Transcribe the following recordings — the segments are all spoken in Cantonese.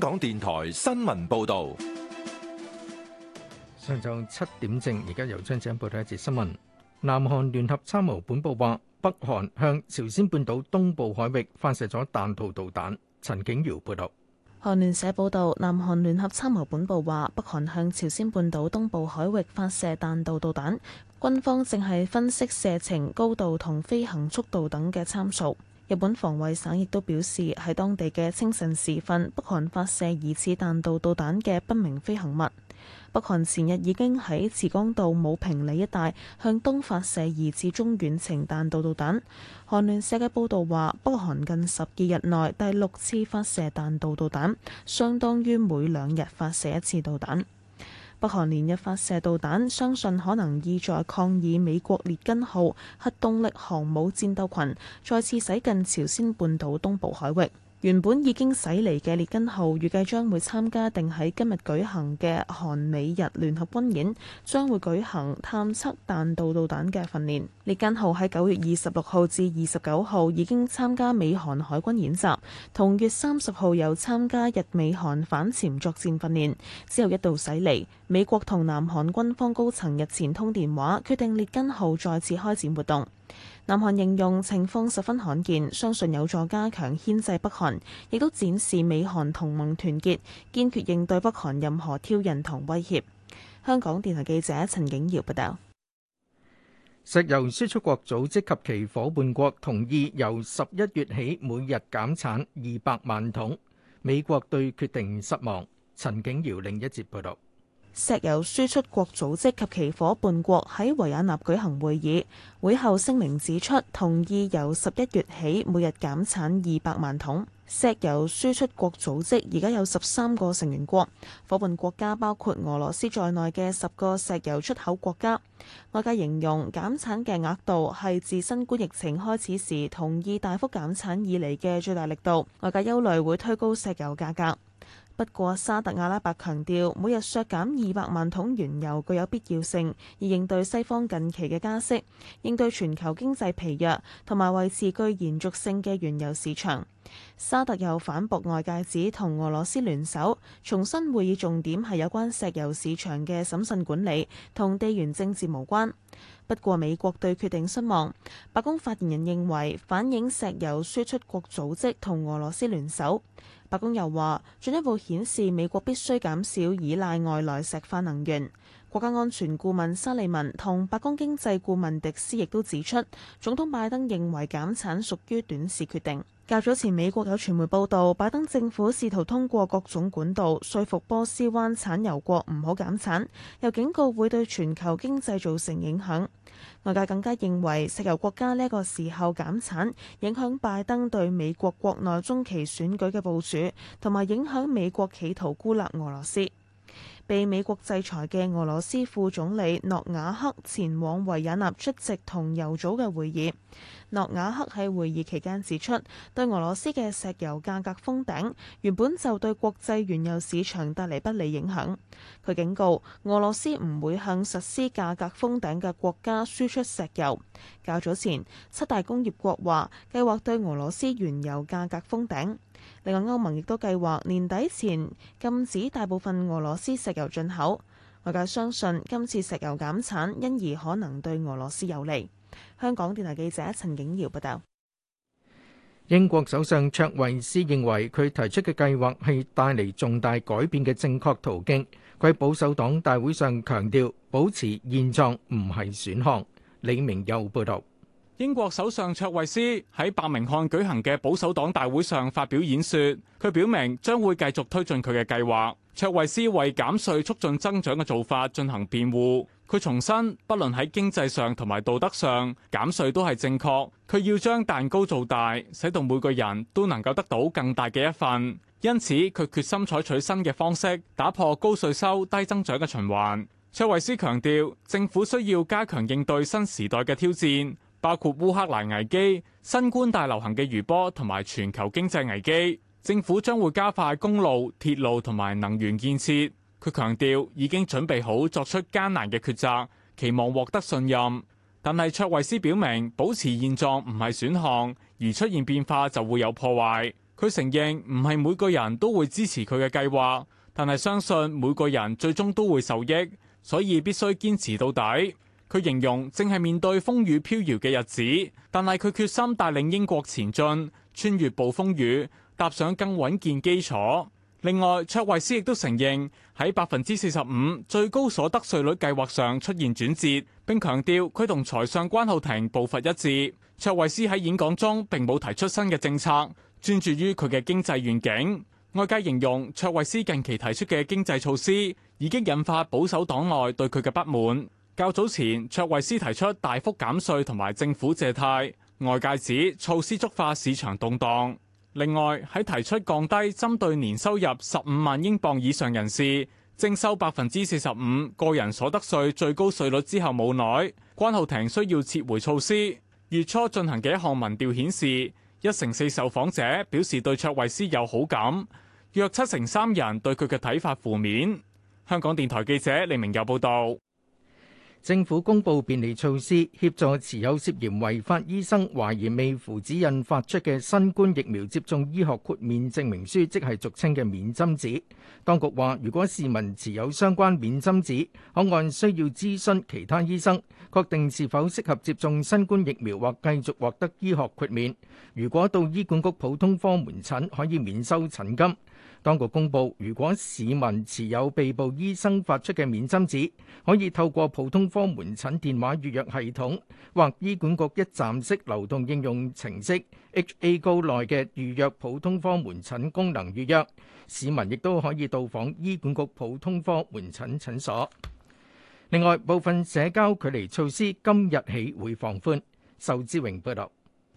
香港電台新聞報道，上晝七點正，而家由張姐報道一節新聞。南韓聯合參謀本部話，北韓向朝鮮半島東部海域發射咗彈道導彈。陳景堯報道。韓聯社報道，南韓聯合參謀本部話，北韓向朝鮮半島東部海域發射彈道導彈，軍方正係分析射程、高度同飛行速度等嘅參數。日本防衛省亦都表示，喺當地嘅清晨時分，北韓發射疑似彈道導彈嘅不明飛行物。北韓前日已經喺慈江道武平里一帶向東發射疑似中遠程彈道導彈。韓聯社嘅報道話，北韓近十二日內第六次發射彈道導彈，相當於每兩日發射一次導彈。北韓連日發射導彈，相信可能意在抗議美國列根號核動力航母戰鬥群再次駛近朝鮮半島東部海域。原本已經駛離嘅列根號預計將會參加定喺今日舉行嘅韓美日聯合軍演，將會舉行探測彈道導彈嘅訓練。列根號喺九月二十六號至二十九號已經參加美韓海軍演習，同月三十號又參加日美韓反潛作戰訓練，之後一度駛離。美國同南韓軍方高層日前通電話，決定列根號再次開展活動。南韓形容情況十分罕見，相信有助加強牽制北韓，亦都展示美韓同盟團結，堅決應對北韓任何挑釁同威脅。香港電台記者陳景堯報道。石油輸出國組織及其伙伴國同意由十一月起每日減產二百萬桶，美國對決定失望。陳景堯另一節報導。石油輸出國組織及其伙伴國喺維也納舉行會議，會後聲明指出同意由十一月起每日減產二百萬桶。石油輸出國組織而家有十三個成員國，伙伴國家包括俄羅斯在內嘅十個石油出口國家。外界形容減產嘅額度係自新冠疫情開始時同意大幅減產以嚟嘅最大力度。外界憂慮會推高石油價格。不過沙特阿拉伯強調，每日削減二百萬桶原油具有必要性，以應對西方近期嘅加息，應對全球經濟疲弱，同埋維持具延續性嘅原油市場。沙特又反駁外界指同俄羅斯聯手，重申會議重點係有關石油市場嘅審慎管理，同地緣政治無關。不過美國對決定失望，白宮發言人認為反映石油輸出國組織同俄羅斯聯手。白宮又話，進一步顯示美國必須減少依賴外來石化能源。國家安全顧問沙利文同白宮經濟顧問迪斯亦都指出，總統拜登認為減產屬於短視決定。較早前美國有傳媒報導，拜登政府試圖通過各種管道說服波斯灣產油國唔好減產，又警告會對全球經濟造成影響。外界更加認為石油國家呢一個時候減產，影響拜登對美國國內中期選舉嘅部署，同埋影響美國企圖孤立俄羅斯。被美國制裁嘅俄羅斯副總理諾瓦克前往維也納出席同油組嘅會議。諾瓦克喺會議期間指出，對俄羅斯嘅石油價格封頂原本就對國際原油市場帶嚟不利影響。佢警告俄羅斯唔會向實施價格封頂嘅國家輸出石油。較早前，七大工業國話計劃對俄羅斯原油價格封頂。另外，歐盟亦都計劃年底前禁止大部分俄羅斯石油進口。外界相信今次石油減產因而可能對俄羅斯有利。香港電台記者陳景堯報道。英國首相卓維斯認為，佢提出嘅計劃係帶嚟重大改變嘅正確途徑。佢喺保守黨大會上強調，保持現狀唔係選項。李明又報導。英國首相卓慧斯喺伯明翰舉行嘅保守黨大會上發表演說，佢表明將會繼續推進佢嘅計劃。卓慧斯為減稅促進增長嘅做法進行辯護。佢重申，不論喺經濟上同埋道德上，減稅都係正確。佢要將蛋糕做大，使到每個人都能夠得到更大嘅一份。因此，佢決心採取新嘅方式，打破高稅收低增長嘅循環。卓慧斯強調，政府需要加強應對新時代嘅挑戰。包括烏克蘭危機、新冠大流行嘅餘波同埋全球經濟危機，政府將會加快公路、鐵路同埋能源建設。佢強調已經準備好作出艱難嘅抉擇，期望獲得信任。但係卓慧斯表明，保持現狀唔係選項，而出現變化就會有破壞。佢承認唔係每個人都會支持佢嘅計劃，但係相信每個人最終都會受益，所以必須堅持到底。佢形容正係面對風雨飄搖嘅日子，但係佢決心帶領英國前進，穿越暴風雨，踏上更穩健基礎。另外，卓慧斯亦都承認喺百分之四十五最高所得稅率計劃上出現轉折，並強調佢同財相關浩庭步伐一致。卓慧斯喺演講中並冇提出新嘅政策，專注於佢嘅經濟願景。外界形容卓慧斯近期提出嘅經濟措施已經引發保守黨內對佢嘅不滿。較早前，卓慧斯提出大幅減稅同埋政府借貸，外界指措施觸發市場動盪。另外，喺提出降低針對年收入十五萬英鎊以上人士徵收百分之四十五個人所得稅最高稅率之後，冇耐關浩庭需要撤回措施。月初進行嘅一項民調顯示，一成四受訪者表示對卓慧斯有好感，約七成三人對佢嘅睇法負面。香港電台記者李明佑報道。政府公布便利措施，協助持有涉嫌違法醫生懷疑未符指引發出嘅新冠疫苗接種醫學豁免證明書，即係俗稱嘅免針紙。當局話，如果市民持有相關免針紙，可按需要諮詢其他醫生，確定是否適合接種新冠疫苗或繼續獲得醫學豁免。如果到醫管局普通科門診，可以免收診金。當局公布，如果市民持有被捕醫生發出嘅免針紙，可以透過普通科門診電話預約系統或醫管局一站式流動應用程式 HA Go 內嘅預約普通科門診功能預約。市民亦都可以到訪醫管局普通科門診診所。另外，部分社交距離措施今日起會放寬。仇志榮報道。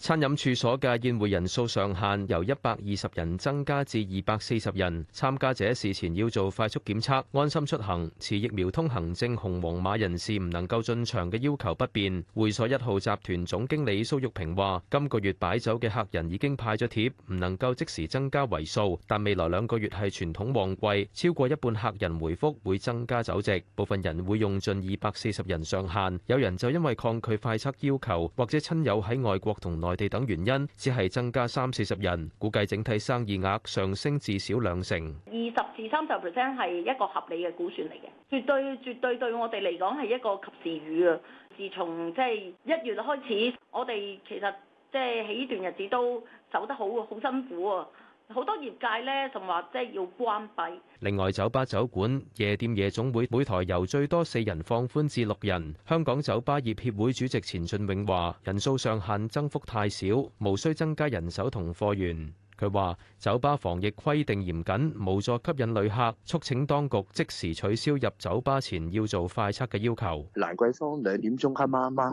餐飲處所嘅宴會人數上限由一百二十人增加至二百四十人，參加者事前要做快速檢測、安心出行。持疫苗通行證、紅黃碼人士唔能夠進場嘅要求不變。會所一號集團總經理蘇玉平話：今個月擺酒嘅客人已經派咗帖，唔能夠即時增加圍數，但未來兩個月係傳統旺季，超過一半客人回覆會增加酒席，部分人會用盡二百四十人上限，有人就因為抗拒快測要求，或者親友喺外國同內內地等原因，只係增加三四十人，估計整體生意額上升至少兩成，二十至三十 percent 係一個合理嘅估算嚟嘅，絕對絕對對我哋嚟講係一個及時雨啊！自從即係一月開始，我哋其實即係喺呢段日子都走得好好辛苦啊。好多業界呢，就話即係要關閉。另外，酒吧、酒館、夜店、夜總會每台由最多四人放寬至六人。香港酒吧業協會主席錢俊永話：人數上限增幅太少，無需增加人手同貨源。佢話：酒吧防疫規定嚴謹，冇助吸引旅客，促請當局即時取消入酒吧前要做快測嘅要求。蘭桂坊兩點鐘黑媽媽，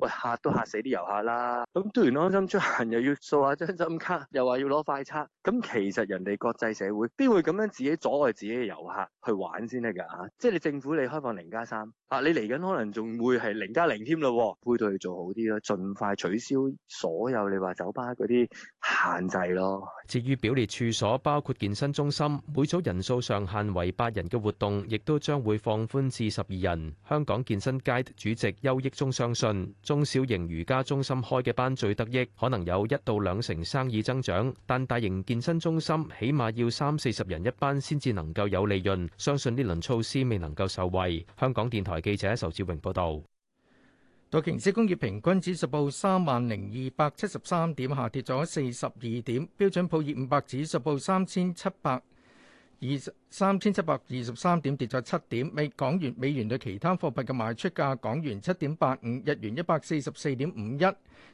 喂嚇都嚇死啲遊客啦！咁突然安心出行又要掃下張針卡，又話要攞快測，咁其實人哋國際社會邊會咁樣自己阻礙自己嘅遊客去玩先得㗎？嚇、啊！即係你政府，你開放零加三啊，你嚟緊可能仲會係零加零添咯，0，配套要做好啲咯，盡快取消所有你話酒吧嗰啲限制咯。至於表列處所，包括健身中心，每組人數上限為八人嘅活動，亦都將會放寬至十二人。香港健身界主席邱益中相信，中小型瑜伽中心開嘅班最得益，可能有一到兩成生意增長。但大型健身中心起碼要三四十人一班先至能夠有利潤。相信呢輪措施未能夠受惠。香港電台記者仇志榮報道。道瓊斯工業平均指數報三萬零二百七十三點，下跌咗四十二點。標準普爾五百指數報三千七百二三千七百二十三點，跌咗七點。美港元、美元對其他貨幣嘅賣出價：港元七點八五，日元一百四十四點五一，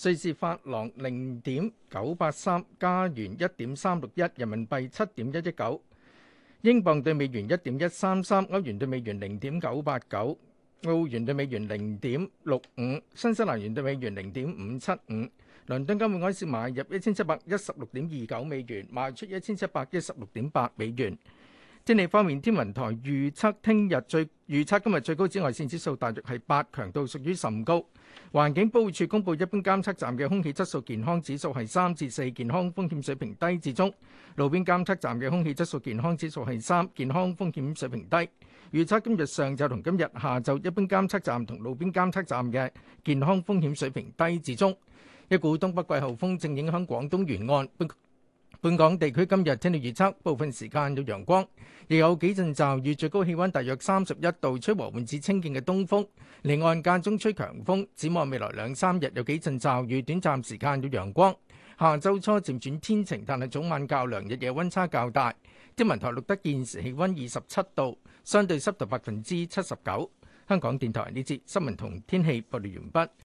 瑞士法郎零點九八三，加元一點三六一，人民幣七點一一九，英鎊對美元一點一三三，歐元對美元零點九八九。澳元對美元零點六五，新西蘭元對美元零點五七五。倫敦金每盎司買入一千七百一十六點二九美元，賣出一千七百一十六點八美元。天氣方面，天文台預測聽日最預測今日最高紫外線指數大約係八強度，屬於甚高。環境保護署公布一般監測站嘅空，空氣質素健康指數係三至四，健康風險水平低至中。路邊監測站嘅空氣質素健康指數係三，健康風險水平低。預測今日上晝同今日下晝，一般監測站同路邊監測站嘅健康風險水平低至中。一股東北季候風正影響廣東沿岸本本港地區，今日天氣預測部分時間有陽光，亦有幾陣驟雨，最高氣溫大約三十一度，吹和緩至清勁嘅東風。離岸間中吹強風，展望未來兩三日有幾陣驟雨，短暫時間有陽光。下週初漸轉天晴，但係早晚較涼，日夜溫差較大。天文台錄得現時氣溫二十七度，相對濕度百分之七十九。香港電台呢節新聞同天氣報道完畢。